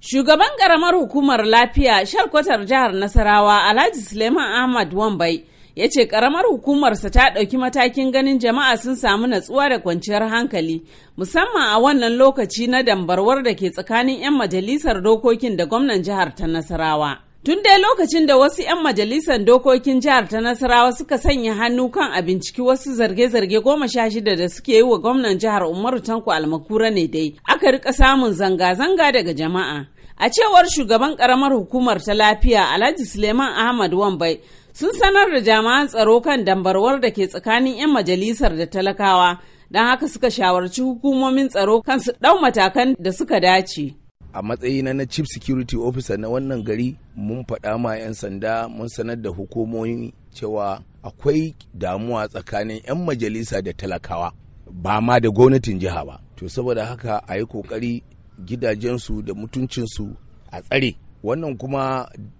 Shugaban ƙaramar hukumar lafiya sharkwatar jihar Nasarawa Alhaji Suleiman Ahmad Wambai ya ce ƙaramar hukumarsa ta ɗauki matakin ganin jama'a sun samu natsuwa da kwanciyar hankali musamman a wannan lokaci na dambarwar da ke tsakanin 'yan majalisar dokokin da gwamnan jihar ta Nasarawa. Tun dai lokacin da wasu 'yan majalisar dokokin jihar ta Nasarawa suka sanya hannu kan a binciki wasu zarge-zarge goma sha shida da suke yi wa gwamnan jihar Umaru Tanko Almakura ne dai, aka rika samun zanga-zanga daga jama'a. A cewar shugaban karamar hukumar ta lafiya Alhaji Suleiman Ahmad Wambai sun sanar da jama'an tsaro kan dambarwar da ke tsakanin 'yan majalisar da talakawa, don haka suka shawarci hukumomin tsaro kan ɗau matakan da suka dace. a matsayina na chief security officer na wannan gari mun faɗa ma 'yan sanda mun sanar da hukumomi cewa akwai damuwa tsakanin 'yan majalisa da talakawa ba ma da gwamnatin jiha ba to saboda haka a yi kokari gidajensu da mutuncinsu a tsare wannan kuma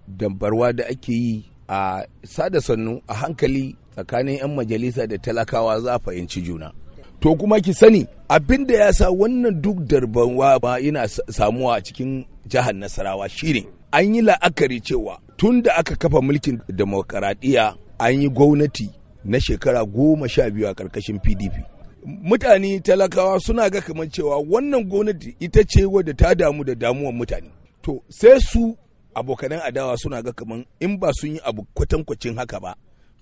dambarwa da ake yi a sada sannu a hankali tsakanin 'yan majalisa da talakawa za a fahimci juna to kuma ki sani abin da ya sa wannan duk darbanwa ba ina samuwa a cikin jihar nasarawa shine an yi la'akari cewa tun da aka kafa mulkin demokaradiyya an yi gwamnati na shekara goma sha biyu a ƙarƙashin pdp mutane talakawa suna ga kamar cewa wannan gwamnati ita ce wadda ta damu da damuwan mutane to sai su abokanan adawa suna ga kamar in ba sun yi abu kwatankwacin haka ba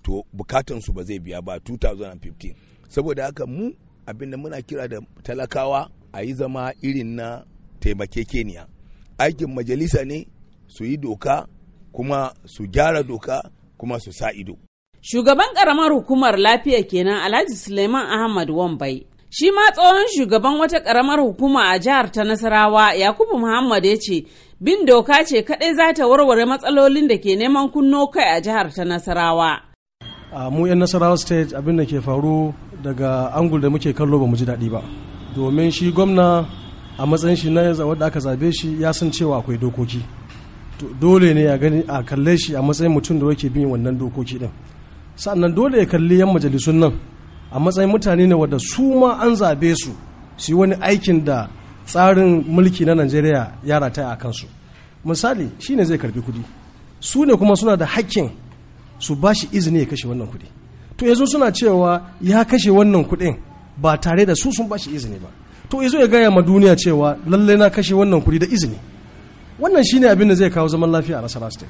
to bukatansu ba zai biya ba 2015 saboda haka mu abinda muna kira da talakawa a yi zama irin na taimakekeniya aikin majalisa ne su yi doka kuma su gyara doka kuma su sa ido shugaban karamar hukumar lafiya kenan alhaji suleiman ahmad wambai shi ma tsohon shugaban wata karamar hukuma a jihar ta nasarawa yakubu muhammad ya ce bin doka ce kadai za ta warware matsalolin da ke neman kunno kai a jihar ta nasarawa mu 'yan nasarawa state abin da ke faru daga angul da muke kallo ba mu ji daɗi ba domin shi gwamna a matsayin shi na yanzu wadda aka zabe shi ya san cewa akwai dokoki dole ne a gani a kalle shi a matsayin mutum da yake bin wannan dokoki din sannan dole ya kalli yan majalisun nan a matsayin mutane ne wadda su ma an zabe su su wani aikin da tsarin mulki na najeriya ya rataya a kansu misali shi ne zai karbi kudi su ne kuma suna da hakkin su ba shi izini ya kashe wannan kudi to yazo suna cewa ya kashe wannan kuɗin ba tare da su sun bashi izini ba to ya gaya ma duniya cewa lalle na kashe wannan kuɗi da izini wannan shi ne abin da zai kawo zaman lafiya a nasara state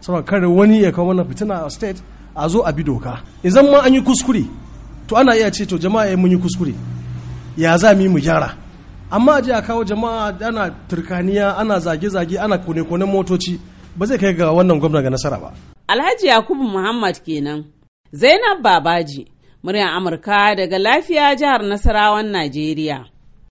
saboda kare wani ya kawo wannan fitina a state a zo a bi doka idan ma an yi kuskure to ana iya ce to jama'a ya eh mun yi kuskure ya za mu yi mu gyara amma a je a kawo jama'a ana turkaniya ana zage-zage ana kone-konen motoci ba zai kai ga wannan gwamna ga nasara ba alhaji yakubu muhammad kenan Zainab Babaji, muryar Amurka daga lafiya jihar Nasarawan Najeriya.